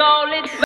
call it